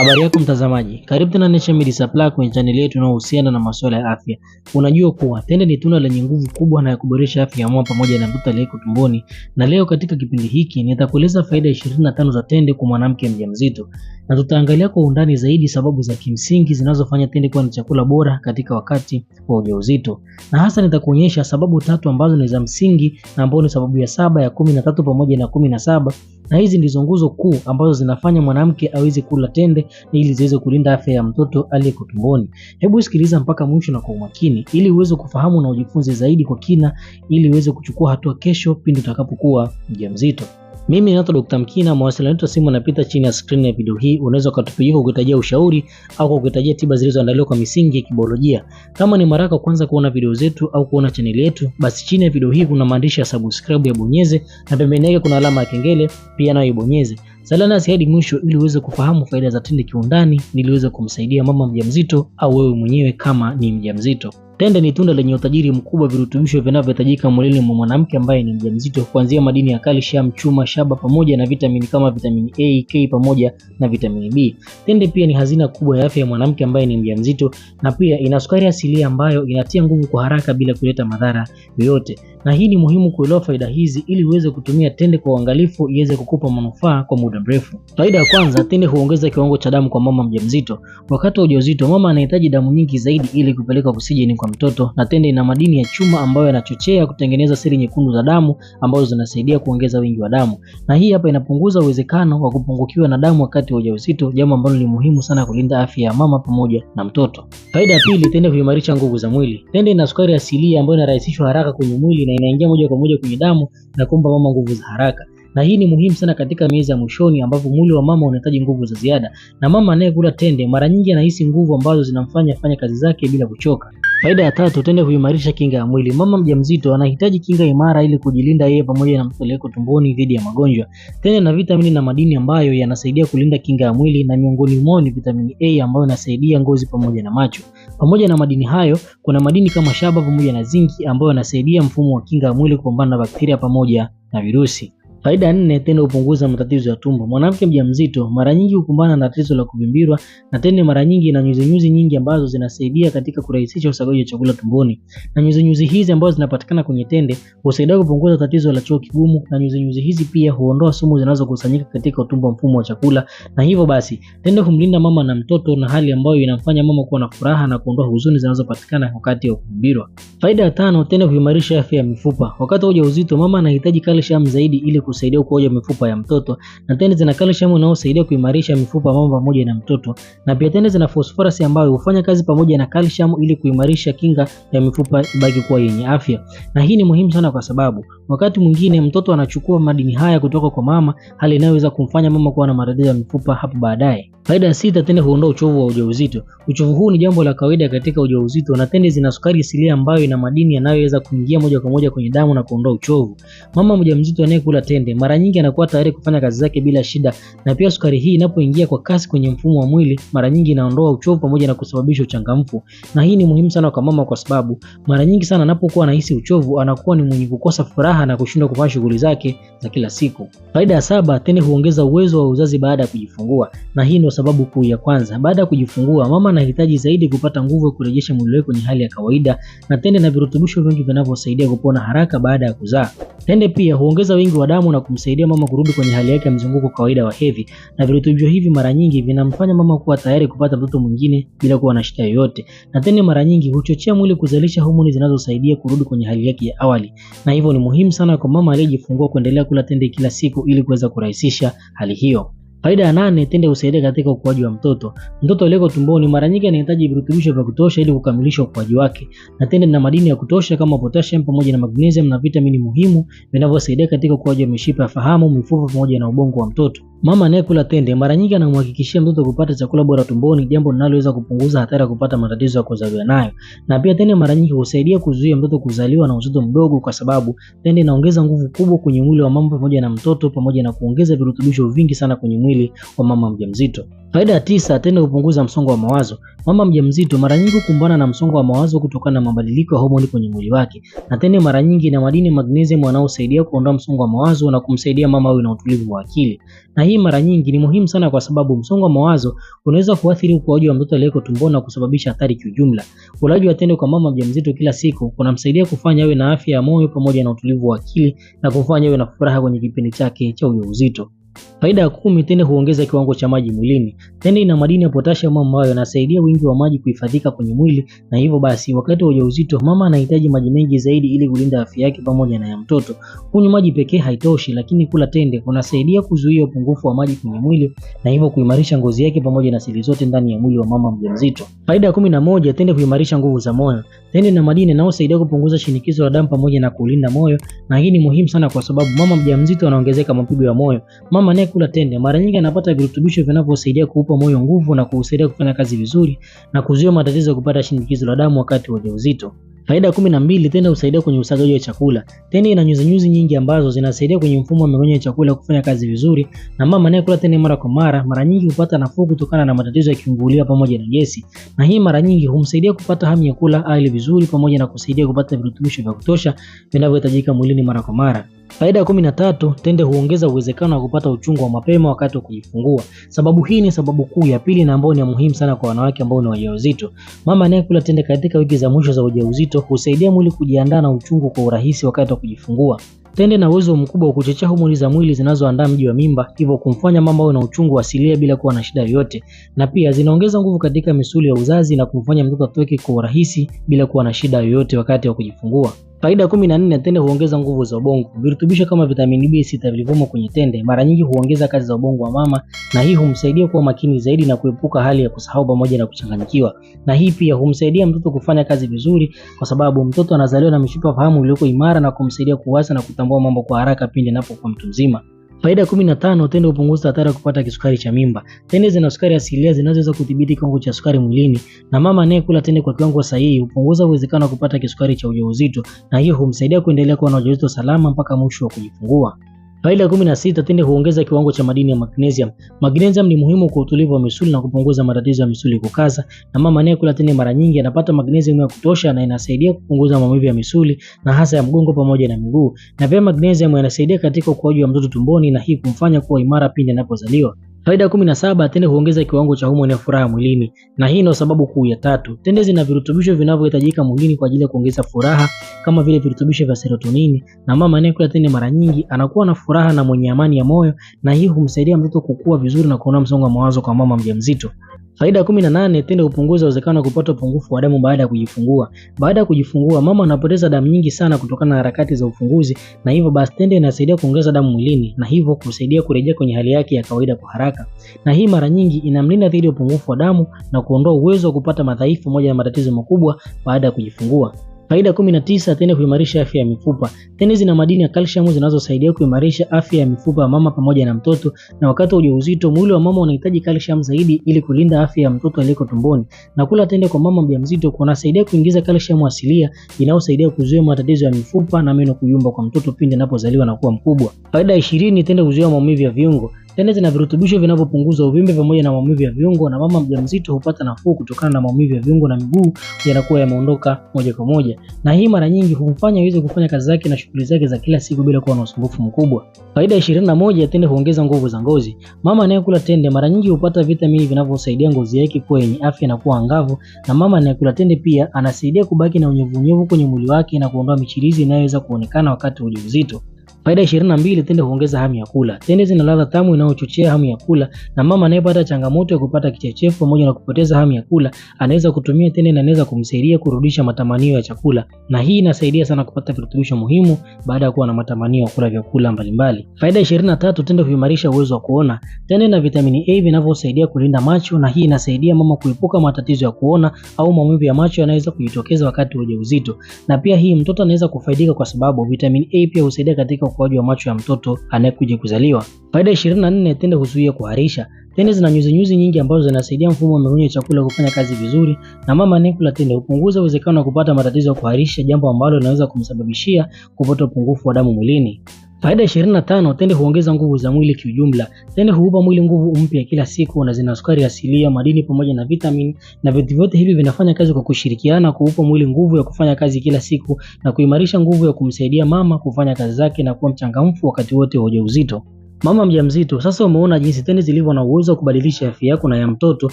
Habari yako mtazamaji, karibu tena Naturemed Media Supply kwenye chaneli yetu inayohusiana na, na masuala ya afya. Unajua kuwa tende ni tunda lenye nguvu kubwa na ya kuboresha afya ya moyo pamoja na mtoto aliyeko tumboni, na leo katika kipindi hiki nitakueleza faida 25 za tende kwa mwanamke mjamzito, na tutaangalia kwa undani zaidi sababu za kimsingi zinazofanya tende kuwa ni chakula bora katika wakati wa ujauzito, na hasa nitakuonyesha sababu tatu ambazo ni za msingi, ambao ni sababu ya saba ya kumi na tatu pamoja na kumi na saba na hizi ndizo nguzo kuu ambazo zinafanya mwanamke aweze kula tende ili ziweze kulinda afya ya mtoto aliyeko tumboni. Hebu sikiliza mpaka mwisho na kwa umakini ili uweze kufahamu na ujifunze zaidi kwa kina ili uweze kuchukua hatua kesho pindi utakapokuwa mjamzito. Mimi naitwa Dr. Mkina, mawasiliano yetu simu yanapita chini ya screen ya video hii. Unaweza kutupigia kwa kuhitajia ushauri au kwa tiba zilizoandaliwa kwa misingi ya kibiolojia. Kama ni mara yako kwanza kuona video zetu au kuona channel yetu, basi chini ya video hii kuna maandishi ya subscribe ya bonyeze, na pembeni yake kuna alama ya kengele pia nayo ibonyeze. Salia nasi hadi mwisho ili uweze kufahamu faida za tende kiundani, niliweze kumsaidia mama mjamzito au wewe mwenyewe kama ni mjamzito. Tende ni tunda lenye utajiri mkubwa virutubisho vinavyohitajika mwilini mwa mwanamke ambaye ni mjamzito, kuanzia madini ya calcium, chuma, shaba pamoja na vitamini kama vitamini A, K pamoja na vitamini B. Tende pia ni hazina kubwa ya afya ya mwanamke ambaye ni mjamzito na pia ina sukari asilia ambayo inatia nguvu kwa haraka bila kuleta madhara yoyote. Na hii ni muhimu kuelewa faida hizi ili uweze kutumia tende kwa uangalifu iweze kukupa manufaa kwa muda mrefu. Faida ya kwanza, tende huongeza kiwango cha damu kwa mama mjamzito. Wakati wa ujauzito, mama anahitaji damu nyingi zaidi ili kupeleka oksijeni kwa mtoto na tende ina madini ya chuma ambayo yanachochea kutengeneza seli nyekundu za damu ambazo zinasaidia kuongeza wingi wa damu, na hii hapa inapunguza uwezekano wa kupungukiwa na damu wakati wa ujauzito, jambo ambalo ni muhimu sana kulinda afya ya mama pamoja na mtoto. Faida ya pili, tende huimarisha nguvu za mwili. Tende ina sukari asilia ambayo inarahisishwa haraka kwenye mwili na inaingia moja kwa moja kwenye damu na kumpa mama nguvu za haraka na hii ni muhimu sana katika miezi ya mwishoni ambapo mwili wa mama unahitaji nguvu za ziada, na mama anayekula tende mara nyingi anahisi nguvu ambazo zinamfanya afanye kazi zake bila kuchoka. Faida ya tatu, tende huimarisha kinga ya mwili. Mama mjamzito anahitaji kinga imara ili kujilinda yeye pamoja na mtoto wake tumboni dhidi ya magonjwa. Tende na vitamini na madini ambayo yanasaidia kulinda kinga ya mwili na miongoni mwao ni vitamini A ambayo inasaidia ngozi pamoja na macho. Pamoja na madini hayo, kuna madini kama shaba pamoja na zinki ambayo yanasaidia mfumo wa kinga ya mwili kupambana na bakteria pamoja na virusi. Faida nne, tendo hupunguza matatizo ya tumbo. Mwanamke mjamzito mara nyingi hukumbana na tatizo la kuvimbirwa na tende mara nyingi ina nyuzinyuzi nyingi ambazo zinasaidia katika kurahisisha usagaji wa chakula tumboni, na nyuzinyuzi hizi ambazo zinapatikana kwenye tende husaidia kupunguza tatizo la choo kigumu, na nyuzinyuzi hizi pia huondoa sumu zinazokusanyika katika utumbo wa mfumo wa chakula, na hivyo basi tende humlinda mama na mtoto, na hali ambayo inamfanya mama kuwa na furaha na kuondoa huzuni zinazopatikana wakati wa kuvimbirwa. Faida ya tano, tende huimarisha afya ya mifupa. Wakati wa ujauzito mama anahitaji kalsiamu zaidi ili kusaidia ukuaji wa mifupa ya mtoto, na tende zina calcium inayosaidia kuimarisha mifupa ya mama pamoja na mtoto, na pia tende zina phosphorus ambayo hufanya kazi pamoja na calcium ili kuimarisha kinga ya mifupa ibaki kuwa yenye afya. Na hii ni muhimu sana kwa sababu wakati mwingine mtoto anachukua madini haya kutoka kwa mama, hali inayoweza kumfanya mama kuwa na maradhi ya mifupa hapo baadaye. Faida ya sita, tende huondoa uchovu wa ujauzito. Uchovu huu ni jambo la kawaida katika ujauzito, na tende zina sukari asilia ambayo ina madini yanayoweza kuingia moja kwa moja kwenye damu na kuondoa uchovu. Mama mjamzito anayekula tende tende. Mara nyingi anakuwa tayari kufanya kazi zake bila shida, na pia sukari hii inapoingia kwa kasi kwenye mfumo wa mwili, mara nyingi inaondoa uchovu pamoja na kusababisha uchangamfu, na hii ni muhimu sana kwa mama, kwa sababu mara nyingi sana anapokuwa anahisi uchovu anakuwa ni mwenye kukosa furaha na kushindwa kufanya shughuli zake za kila siku. Faida ya saba, tende huongeza uwezo wa uzazi baada ya kujifungua, na hii ndio sababu kuu ya kwanza. Baada ya kujifungua, mama anahitaji zaidi kupata nguvu ya kurejesha mwili wake kwenye hali ya kawaida, na tende na virutubisho vingi vinavyosaidia kupona haraka baada ya kuzaa. Tende pia huongeza wingi wa damu na kumsaidia mama kurudi kwenye hali yake ya mzunguko kawaida wa hedhi, na virutubisho hivi mara nyingi vinamfanya mama kuwa tayari kupata mtoto mwingine bila kuwa na shida yoyote, na tena mara nyingi huchochea mwili kuzalisha homoni zinazosaidia kurudi kwenye hali yake ya awali, na hivyo ni muhimu sana kwa mama aliyejifungua kuendelea kula tende kila siku ili kuweza kurahisisha hali hiyo. Faida ya nane, tende husaidia katika ukuaji wa mtoto. Mtoto aliyeko tumboni mara nyingi anahitaji virutubisho vya kutosha ili kukamilisha ukuaji wake, na tende na madini ya kutosha kama potassium pamoja na magnesium na vitamini muhimu vinavyosaidia katika ukuaji wa mishipa ya fahamu, mifupa pamoja na ubongo wa mtoto. Mama anayekula tende mara nyingi anamhakikishia mtoto kupata chakula bora tumboni, jambo linaloweza kupunguza hatari ya kupata matatizo ya kuzaliwa nayo. Na pia tende mara nyingi husaidia kuzuia mtoto kuzaliwa na uzito mdogo, kwa sababu tende inaongeza nguvu kubwa kwenye mwili wa mama pamoja na mtoto, pamoja na kuongeza virutubisho vingi sana kwenye mwili mwili wa mama mjamzito. Faida ya tisa, tena hupunguza msongo wa mawazo. Mama mjamzito mara nyingi hukumbana na msongo wa mawazo kutokana na mabadiliko ya homoni kwenye mwili wake, na tena mara nyingi na madini magnesium wanaosaidia kuondoa msongo wa mawazo na kumsaidia mama awe na utulivu wa akili. Na hii mara nyingi ni muhimu sana, kwa sababu msongo wa mawazo unaweza kuathiri ukuaji wa mtoto aliyeko tumboni na kusababisha hatari kiujumla. Ulaji wa tende kwa mama mjamzito kila siku kunamsaidia kufanya awe na afya ya moyo pamoja na utulivu wa akili na kufanya awe na furaha kwenye kipindi chake cha ujauzito. Faida ya kumi, tende huongeza kiwango cha maji mwilini. Tende ina madini ya potassium ambayo yanasaidia wingi wa maji kuhifadhika kwenye mwili, na hivyo basi wakati wa ujauzito mama anahitaji maji mengi zaidi ili kulinda afya yake pamoja na ya mtoto. Kunywa maji pekee haitoshi, lakini kula tende kunasaidia kuzuia upungufu wa maji kwenye mwili na hivyo kuimarisha ngozi yake pamoja na seli zote ndani ya mwili wa mama mjamzito. Faida ya kumi na moja, tende huimarisha nguvu za moyo. Tende na madini yanayosaidia kupunguza shinikizo la damu pamoja na kulinda moyo, na hii ni muhimu sana kwa sababu mama mjamzito anaongezeka mapigo ya moyo. Mama Mama anayekula tende mara nyingi anapata virutubisho vinavyosaidia kuupa moyo nguvu na kuusaidia kufanya kazi vizuri na kuzuia matatizo ya kupata shinikizo la damu wakati wa ujauzito. Faida kumi na mbili, tende husaidia kwenye usagaji wa chakula. Tende ina nyuzinyuzi nyingi ambazo zinasaidia kwenye mfumo wa mmeng'enyo wa chakula kufanya kazi vizuri, na mama anayekula tende mara kwa mara mara nyingi hupata nafuu kutokana na matatizo ya kiungulia pamoja na gesi, na hii mara nyingi humsaidia kupata hamu ya kula ali vizuri pamoja na kusaidia kupata virutubisho vya kutosha vinavyohitajika mwilini mara kwa mara. Faida ya kumi na tatu, tende huongeza uwezekano wa kupata uchungu wa mapema wakati wa kujifungua. Sababu hii ni sababu kuu ya pili na ambayo ni muhimu sana kwa wanawake ambao ni wajawazito. Mama anayekula tende katika wiki za mwisho za ujauzito husaidia mwili kujiandaa na uchungu kwa urahisi wakati wa kujifungua. Tende na uwezo mkubwa wa kuchochea homoni za mwili zinazoandaa mji wa mimba, hivyo kumfanya mama awe na uchungu asilia bila kuwa na shida yoyote, na pia zinaongeza nguvu katika misuli ya uzazi na kumfanya mtoto atoke kwa urahisi bila kuwa na shida yoyote wakati wa kujifungua. Faida kumi na nne, tende huongeza nguvu za ubongo. Virutubisho kama vitamini B6 vilivyomo kwenye tende mara nyingi huongeza kazi za ubongo wa mama, na hii humsaidia kuwa makini zaidi na kuepuka hali ya kusahau pamoja na kuchanganyikiwa. Na hii pia humsaidia mtoto kufanya kazi vizuri, kwa sababu mtoto anazaliwa na mishipa fahamu iliyoko imara na kumsaidia kuwaza na kutambua mambo kwa haraka pindi anapokuwa mtu mzima. Faida ya kumi na tende hupunguza hatari ya kupata kisukari cha mimba. Tende zina sukari asilia zinazoweza kudhibiti kiwango cha sukari mwilini, na mama anayekula tende kwa kiwango sahihi hupunguza uwezekano wa kupata kisukari cha ujauzito, na hiyo humsaidia kuendelea kuwa na ujauzito salama mpaka mwisho wa kujifungua. Faida ya kumi sita, tende huongeza kiwango cha madini ya magnesium. Magnesium ni muhimu kwa utulivu wa misuli na kupunguza matatizo ya misuli kukaza, na mama anayekula tende mara nyingi anapata magnesium ya kutosha na inasaidia kupunguza maumivu ya misuli na hasa ya mgongo pamoja na miguu. Na pia magnesium yanasaidia katika ukuaji wa mtoto tumboni na hii kumfanya kuwa imara pindi anapozaliwa. Faida kumi na saba, tende huongeza kiwango cha homoni ya furaha mwilini, na hii ndio sababu kuu ya tatu. Tende zina virutubisho vinavyohitajika mwilini kwa ajili ya kuongeza furaha kama vile virutubisho vya serotonini, na mama anayekula tende mara nyingi anakuwa na furaha na mwenye amani ya moyo, na hii humsaidia mtoto kukua vizuri na kuona msongo wa mawazo kwa mama mjamzito. Faida kumi na nane, tendo hupunguza uwezekano wa kupata upungufu wa damu baada ya kujifungua. Baada ya kujifungua, mama anapoteza damu nyingi sana kutokana na harakati za ufunguzi, na hivyo basi tendo inasaidia kuongeza damu mwilini na hivyo kusaidia kurejea kwenye hali yake ya kawaida kwa haraka, na hii mara nyingi inamlinda dhidi ya upungufu wa damu na kuondoa uwezo wa kupata madhaifu, moja ya matatizo makubwa baada ya kujifungua. Faida 19, tende kuimarisha afya ya mifupa. Tene zina madini ya calcium zinazosaidia kuimarisha afya ya mifupa ya mama pamoja na mtoto, na wakati wa ujauzito mwili wa mama unahitaji calcium zaidi ili kulinda afya ya mtoto aliyeko tumboni. Na kula tende kwa mama mjamzito kunasaidia kuingiza calcium asilia inayosaidia kuzuia matatizo ya mifupa na meno kuyumba kwa mtoto pindi anapozaliwa na kuwa mkubwa. Faida 20, tende kuzuia maumivu ya viungo. Tende zina virutubisho vinavyopunguza uvimbe pamoja na maumivu ya viungo, na mama mjamzito hupata nafuu kutokana na maumivu ya viungo na miguu yanakuwa yameondoka moja kwa moja, na hii mara nyingi humfanya aweze kufanya kazi zake na shughuli zake za kila siku bila kuwa na usumbufu mkubwa. Faida ishirini na moja tende huongeza nguvu za ngozi. Mama anayekula tende mara nyingi hupata vitamini vinavyosaidia ngozi yake kuwa yenye afya na kuwa angavu, na mama anayekula tende pia anasaidia kubaki na unyevunyevu kwenye mwili wake na kuondoa michirizi inayoweza kuonekana wakati wa ujauzito. Faida 22, tende huongeza hamu ya kula. Tende zina ladha tamu inayochochea hamu ya kula, na mama anayepata changamoto ya kupata kichefuchefu pamoja na kupoteza hamu ya kula anaweza kutumia tende na anaweza kumsaidia kurudisha matamanio ya chakula, na hii inasaidia sana kupata virutubisho muhimu baada ya kuwa na matamanio ya kula vyakula mbalimbali. Faida 23, tende huimarisha uwezo wa kuona. Tende na vitamini A vinavyosaidia kulinda macho, na hii inasaidia mama kuepuka matatizo ya kuona au maumivu ya macho yanaweza kujitokeza wakati wa ujauzito, na pia hii mtoto anaweza kufaidika kwa sababu vitamini A pia husaidia katika ukuaji wa macho ya mtoto anayekuja kuzaliwa. Faida 24, tende huzuia kuharisha. Tende zina nyuzi nyuzi nyingi ambazo zinasaidia mfumo wa mmeng'enyo wa chakula kufanya kazi vizuri, na mama anayekula tende hupunguza uwezekano wa kupata matatizo ya kuharisha, jambo ambalo linaweza kumsababishia kupata upungufu wa damu mwilini. Faida 25, tende huongeza nguvu za mwili kiujumla. Tende huupa mwili nguvu mpya kila siku na zina sukari asilia, madini pamoja na vitamin, na vitu vyote hivi vinafanya kazi kwa kushirikiana kuupa mwili nguvu ya kufanya kazi kila siku na kuimarisha nguvu ya kumsaidia mama kufanya kazi zake na kuwa mchangamfu wakati wote wa ujauzito. Mama mjamzito, sasa umeona jinsi tende zilivyo na uwezo wa kubadilisha afya yako na ya mtoto.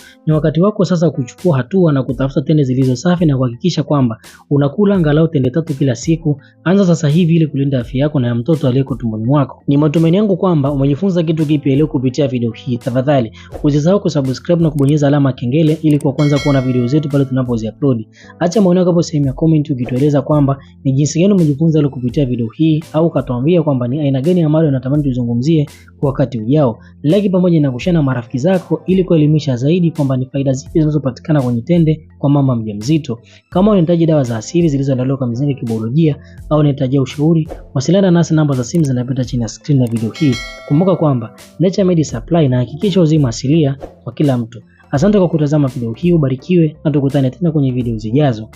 Ni wakati wako sasa kuchukua hatua na kutafuta tende zilizo safi na kuhakikisha kwamba unakula angalau tende tatu kila siku. Anza sasa hivi ili kulinda afya yako na ya mtoto aliyeko tumboni mwako. Ni matumaini yangu kwamba umejifunza kitu kipya leo kupitia video hii. Tafadhali usisahau kusubscribe na kubonyeza alama kengele ili kwa kwanza kuona video zetu pale tunapoziupload. Acha maoni yako hapo sehemu ya comment ukitueleza kwamba ni jinsi gani umejifunza leo kupitia video hii au katuambia kwamba ni aina gani ya mada unatamani tuzungumzie kwa wakati ujao. Like pamoja na kushana marafiki zako ili kuelimisha zaidi kwamba ni faida zipi zinazopatikana kwenye tende kwa mama mjamzito. Kama unahitaji dawa za asili zilizoandaliwa kwa misingi ya kibiolojia au unahitaji ushauri, wasiliana nasi, namba za simu zinapita chini ya screen ya video hii. Kumbuka kwamba Naturemed Supply inahakikisha uzima asilia kwa kila mtu. Asante kwa kutazama video hii, ubarikiwe na tukutane tena kwenye video zijazo.